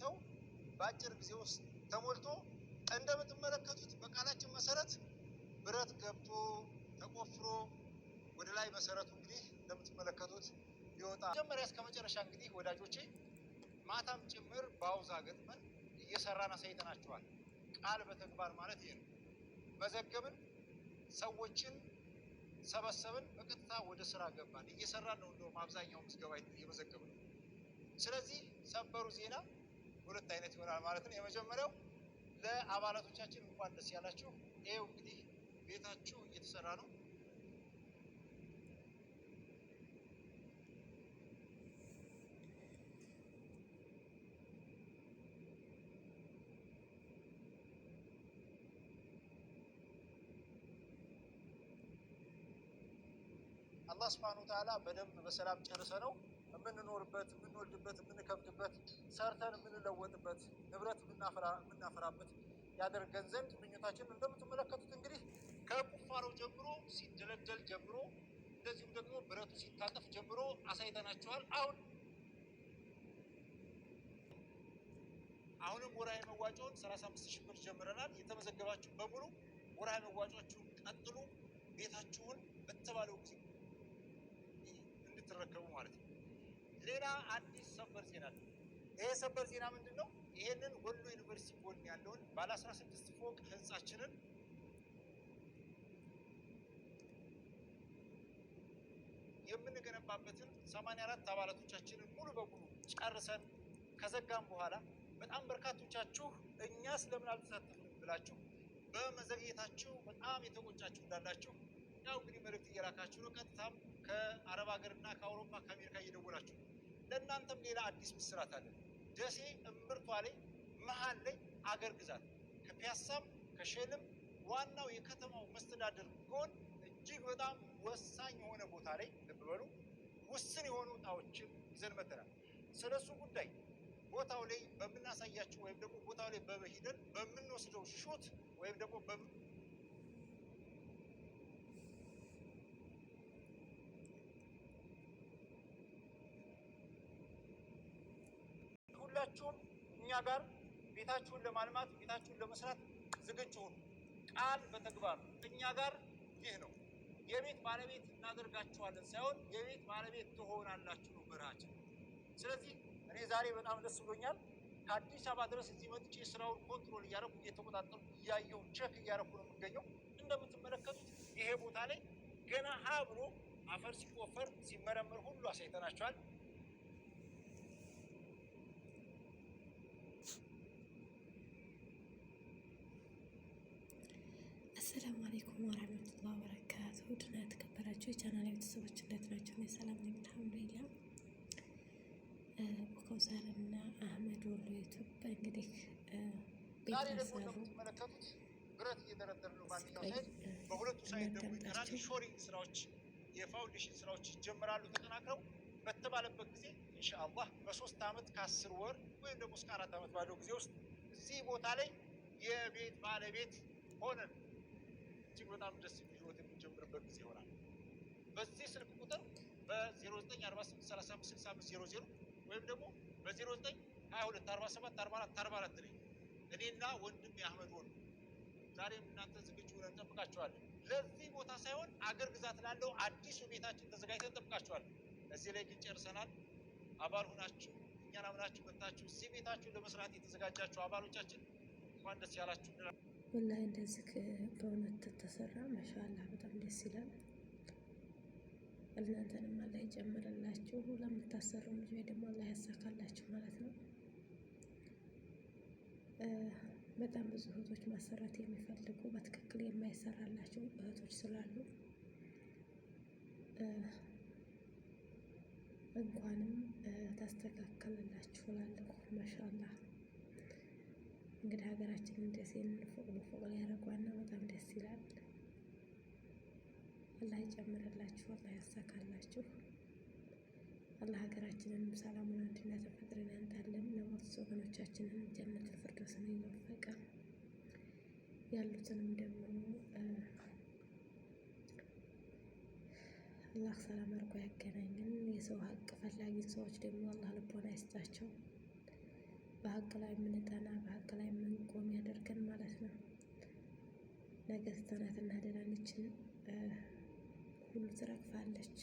ሰው በአጭር ጊዜ ውስጥ ተሞልቶ እንደምትመለከቱት በቃላችን መሰረት ብረት ገብቶ ተቆፍሮ ወደ ላይ መሰረቱ እንግዲህ እንደምትመለከቱት ይወጣ። መጀመሪያ እስከ መጨረሻ እንግዲህ ወዳጆቼ ማታም ጭምር በአውዛ ገጥመን እየሰራን አሳይተናቸዋል። ቃል በተግባር ማለት ይሄ ነው። መዘገብን፣ ሰዎችን ሰበሰብን፣ በቀጥታ ወደ ስራ ገባን። እየሰራን ነው። እንደውም አብዛኛው ምዝገባ የመዘገብ ነው። ስለዚህ ሰበሩ ዜና ሁለት አይነት ይሆናል ማለት ነው። የመጀመሪያው ለአባላቶቻችን እንኳን ደስ ያላችሁ። ይኸው እንግዲህ ቤታችሁ እየተሰራ ነው። አላህ ስብሐነሁ ወተዓላ በደንብ በሰላም ጨርሰ ነው የምንኖርበት፣ የምንወልድበት፣ የምንከብድበት፣ ሰርተን የምንለወጥበት፣ ንብረት የምናፈራበት ያደርገን ዘንድ ምኞታችን። እንደምትመለከቱት እንግዲህ ከቁፋሮ ጀምሮ ሲደለደል ጀምሮ እንደዚሁም ደግሞ ብረቱ ሲታጠፍ ጀምሮ አሳይተናችኋል። አሁን አሁንም ወርሃዊ መዋጮውን 35 ሺህ ብር ጀምረናል። የተመዘገባችሁ በሙሉ ወርሃዊ መዋጮችሁን ቀጥሉ። ቤታችሁን በተባለው ጊዜ እንድትረከቡ ማለት ነው። አዲስ ሰበር ዜና ነው። ይሄ ሰበር ዜና ምንድን ነው? ይሄንን ወሎ ዩኒቨርሲቲ ጎን ያለውን ባለ 16 ፎቅ ህንጻችንን የምንገነባበትን 84 አባላቶቻችንን ሙሉ በሙሉ ጨርሰን ከዘጋም በኋላ በጣም በርካቶቻችሁ እኛ ስለምን አልተሳተፍንም ብላችሁ በመዘግየታችሁ በጣም የተቆጫችሁ እንዳላችሁ ያው እንግዲህ መልእክት እየላካችሁ ነው። ቀጥታም ከአረብ ሀገርና ከአውሮፓ ከአሜሪካ ለእናንተም ሌላ አዲስ ምስራት አለ። ደሴ እምብርቷ ላይ መሀል ላይ አገር ግዛት ከፒያሳም ከሼልም ዋናው የከተማው መስተዳደር ጎን እጅግ በጣም ወሳኝ የሆነ ቦታ ላይ ልብ በሉ ውስን የሆኑ እጣዎችን ይዘን መተናል። ስለ እሱ ጉዳይ ቦታው ላይ በምናሳያቸው ወይም ደግሞ ቦታው ላይ በመሄደን በምንወስደው ሹት ወይም ደግሞ ሁላችሁም እኛ ጋር ቤታችሁን ለማልማት ቤታችሁን ለመስራት ዝግጁ ሁኑ። ቃል በተግባር እኛ ጋር ይህ ነው። የቤት ባለቤት እናደርጋችኋለን ሳይሆን የቤት ባለቤት ትሆናላችሁ ነው መርሃችን። ስለዚህ እኔ ዛሬ በጣም ደስ ብሎኛል። ከአዲስ አበባ ድረስ እዚህ መጥቼ ስራውን ኮንትሮል እያደረኩ እየተቆጣጠሩ እያየው ቼክ እያደረኩ ነው የምገኘው። እንደምትመለከቱት ይሄ ቦታ ላይ ገና ሀ ብሎ አፈር ሲቆፈር ሲመረመር ሁሉ አሳይተናቸዋል። አሰላሙ አለይኩም ወራህመቱላሂ ወበረካቱ። ድና የተከበራችሁ የቻናል ቤተሰቦች እንዴት ናቸው? እኔ ሰላም ነኝ አልሐምዱሊላህ። ከውሳር እና አህመድ ወሎ ዩቱብ እንግዲህ ዛሬ ደግሞ ስራዎች፣ የፋውንዴሽን ስራዎች ይጀምራሉ። ተጠናክረው በተባለበት ጊዜ ኢንሻአላህ በሶስት አመት ከአስር ወር ወይም ደግሞ እስከ አራት ባለው ጊዜ ውስጥ እዚህ ቦታ ላይ የቤት ባለቤት ሆነን እጅግ በጣም ደስ የሚል ህይወት የምንጀምርበት ጊዜ ይሆናል። በዚህ ስልክ ቁጥር በ0948356500 ወይም ደግሞ በ0922474444 ላይ እኔና ወንድም የአህመድ ወሉ ዛሬም እናንተ ዝግጁ ሆነን እንጠብቃችኋለን። ለዚህ ቦታ ሳይሆን አገር ግዛት ላለው አዲሱ ቤታችን ተዘጋጅተን እንጠብቃችኋለን። እዚህ ላይ ግን ጨርሰናል። አባል ሆናችሁ እኛን አምናችሁ መጥታችሁ እዚህ ቤታችሁን ለመስራት የተዘጋጃችሁ አባሎቻችን እንኳን ደስ ያላችሁ። ወላሂ እንደዚህ በእውነት ተሰራ መሻላ በጣም ደስ ይላል። እናንተንም አላህ ይጨምርላችሁ፣ ለምታሰሩ ልጅ ደግሞ አላህ ያሳካላችሁ ማለት ነው። በጣም ብዙ እህቶች ማሰራት የሚፈልጉ በትክክል የማይሰራላቸው እህቶች ስላሉ እንኳንም ታስተካከልላችሁ እላለሁ። ማሻአላህ እንግዲህ ሀገራችንን ደስ የሚል ፎቅ በፎቅ ላይ ያደረጓና በጣም ደስ ይላል። አላህ ይጨምርላችሁ፣ አላህ ያሳካላችሁ። አላህ ሀገራችንንም ሰላሙን፣ አንድነትን፣ ፍቅርን ያንጣልን። ለሞት ወገኖቻችንን ጀነቱል ፊርደውስን ይወፈቀ ያሉትንም ደግሞ አላህ ሰላም አርጎ ያገናኝን። የሰው ሀቅ ፈላጊ ሰዎች ደግሞ አላህ ልቦና ይስጣቸው። በሀቅ ላይ የምንጠና በሀቅ ላይ የምንቆም ያደርገን ማለት ነው። ነገስታናትና ደናንችን ሁሉ ትረግፋለች።